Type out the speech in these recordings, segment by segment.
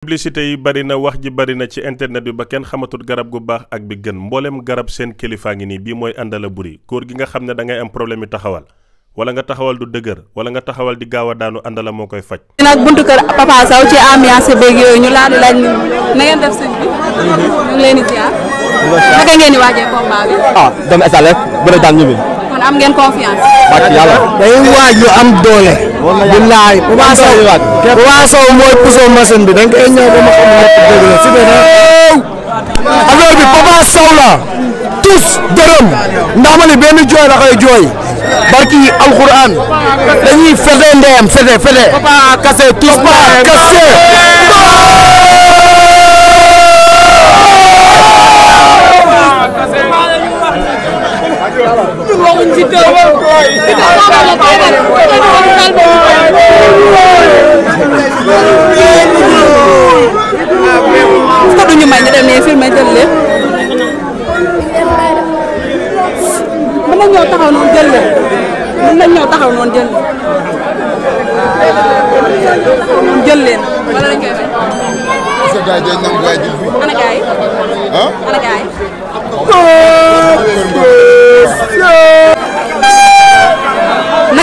publicité yi bari na wax ji bari na ci internet bi ba kenn xamatul garab gu baax ak bi gën mbooleem garab seen kilifaa ngi nii bii mooy àndala buri góor gi nga xam ne da am problème yi taxawal wala nga taxawal du dëgër wala nga taxawal di gaaw a daanu àndala moo koy faj. nag buntu kër Papa Sow ci ambiance beeg yooyu ñu laal laaj na ngeen def sëñ ñu ngi leen di ziar. Mhm. waajee combat bi. ah doomu waaj lu am doole. billaay Papa Sow mooy puso machine bi da nga koy xam nekk dëgg la si affaire bi Papa Sow la tous dërëm ndax ma ne benn jooy la koy jooy barki alquran dañuy fete ndeyam fete fete Papa Kassé tous Papa Kassé ñun waxuñ ci teew ci tax xaaral la feebar te ñu war dal ba est-ce que duñu may ñu demee filmé jël lépp mën nañ ñëw taxaw noonu jël lépp mën nañ ñëw taxaw noonu jël lépp jël leen wala lañ koy parce que gars yi dañ nangu gars yi jël fii ana gars yi ana gars yi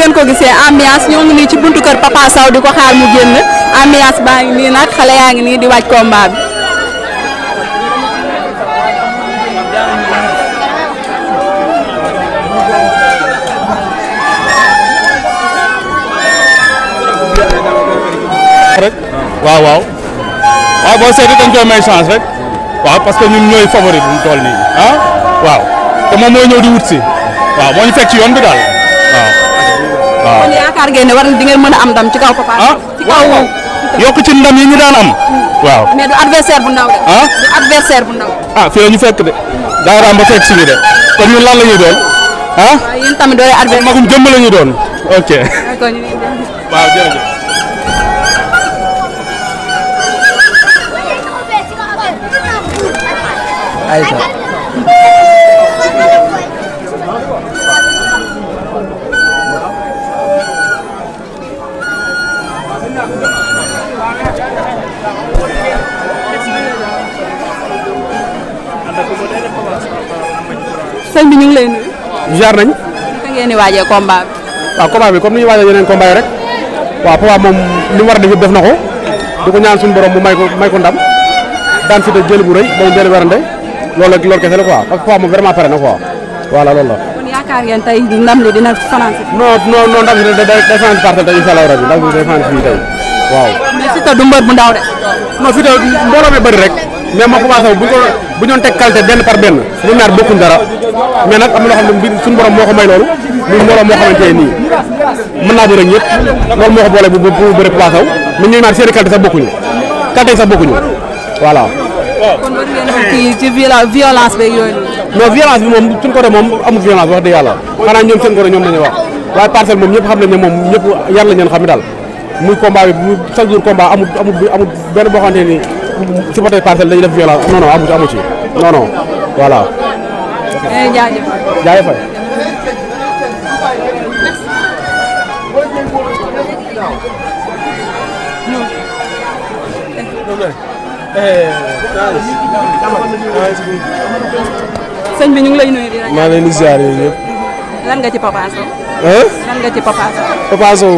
ngeen ko gisee ambiance ñoo ngi nii ci buntu kër Papa Sow di ko xaar mu génn ambiance baa ngi nii nag xale yaa ngi nii di waaj combat bi. waaw waaw waaw ah, boo seetee dañ koy may chance rek waaw parce que ñun ñooy favori bu mu toll nii ah waaw te moom mooy ñëw di wut si waaw moo ñu fekk ci yoon bi daal. waaw kon yaakaar ngeen ne war di ngeen mën a am ndam ci kaw Papa. ah waaw yokk ci ndam yi ñu daan am. Hmm. waaw mais du adversaire bu ndaw de. ah du adversaire bu ndaw. ah fii la ñu fekk de. daara am ba fekk suñu de kon ñun lan la ñuy doon. ah, ah yéen tamit doy adversaire magum jëmm la ñuy doon ok. Ah, waaw jërëjëf. ayca. sëñ bi ñu ngi lay ni jaar nañ. naka ngeen di bi. waaw combat bi comme ni ñu waajee yeneen combat yi rek waaw Papa moom li mu war a def na ko di ko ñaan suñu borom mu may ko ndam daan fi jël bu rëy day dellu werante loolu ak loolu kese la quoi parce que Papa moom vraiment pare na quoi voilà loolu la. kon yaakaar ngeen tey ndam li dina fanaan si. non non non ndam si day day fanaan si parcelle tey incha allah waaw. non fi tamit mbooloo mi bëri rek mais ma commencé bu ñu ko bu ñu doon teg qualité benn par benn suñu naar bokkuñ dara mais nag am na loo xam suñu borom moo ko may loolu muy mbooloo moo naa bëri ak ñëpp loolu bu bu bu bëri Papa Sow mais ñooy naan seeni qualité sax bokkuñu qualité a kii ci violence beeg yooyu. non violence bi moom suñu côté moom wax dëgg yàlla xanaa ñoom seen côté ñoom la wax waaye parcelle moom ñëpp xam nañ ne moom ñëpp yar la ñu xam daal muy combat bi bu chaque jour combat amul amul amul benn boo si ba tey parcelle dañuy def violence non non amu ci amu ci non non voilà. Eh, jaajëf eh, jaajëf eh, fay. sëñ bi ñu ngi lay nuyu. maa ngi leen di ziar lan nga ci Papa Sow.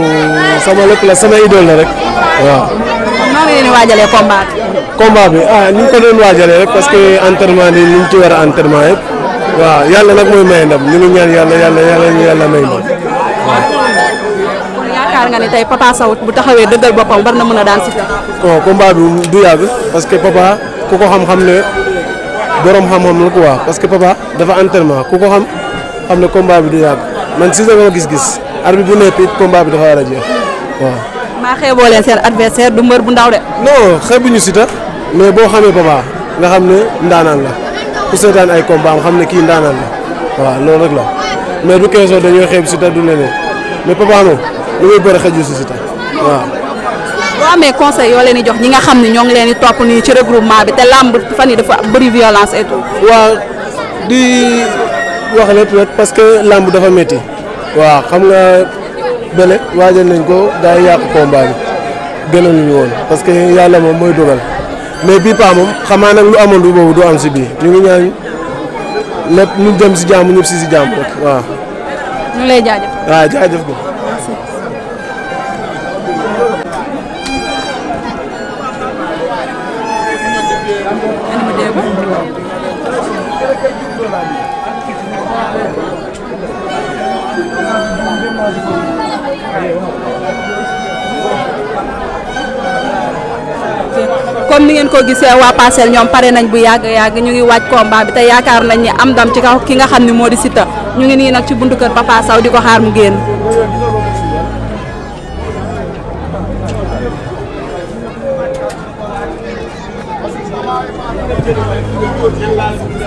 lan nga sama lépp la sama idole la rek waaw. noo ngi leen di waajalee bi. combat ah ni ñu ko doon waajalee rek parce que entraînement bi ni ñu ci war yàlla nag mooy may ndam ñu yàlla yàlla yàlla may ndam yaakaar nga bu taxawee dëggal boppam war na mën a daan si bon combat du yàgg parce que papa ku ko xam-xam ne borom xam-xam la quoi parce que papa dafa entraînement ku ko xam. xam ne combat bi du yàgg man si sama gis-gis arbitre bu nekk it bi dafa war a jeex waaw. maa xeeboo leen seen adversaire du mbër bu ndaw de. non xeebuñu si tax mais boo xamee Papa nga xam ne ndaanaan la ku seetaan ay combat xam ne kii ndaanaan la waaw loolu rek la mais du keesoo dañoo xeeb si tax du leneen mais Papa moom lu muy bëri xëju si si tax waaw. boo amee conseil yoo leen di jox ñi nga xam ne ñoo ngi leen di topp nii ci regroupement bi te làmb fan yi dafa bëri violence et tout. di wax lépp rek parce que làmb dafa métti waaw xam nga bële waajal nañ ko gaa yi yàq combat bi gënaluñu woon parce que yàlla moom mooy dogal mais bii paa moom xam nag lu amoon du boobu du am si bii ñu ngi ñaan lépp ñu jëm si jàmm ñëpp si si jàmm rek waaw. ñu lay jaajëf. waaw jaajëf ko. comme ni ngeen koo gisee waa Parcelles ñoom pare nañ bu yàgg yàgg ñu ngi waaj combat bi te yaakaar nañ ni am ndam ci kaw ki nga xam ni moo di Siteu ñu ngi nii nag ci buntu kër Papa Sow di ko xaar mu génn.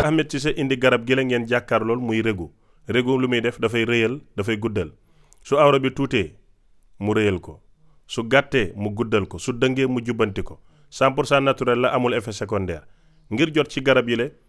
Ahmed Cissé indi garab gi la ngeen jàkkaar lool muy régu régu lu muy def dafay rëyal dafay guddal su awra bi tuutee. mu rëyal ko su gàttee mu guddal ko su dëngee mu jubbanti ko 100 pour cent naturel la amul effet secondaire ngir jot ci garab yi le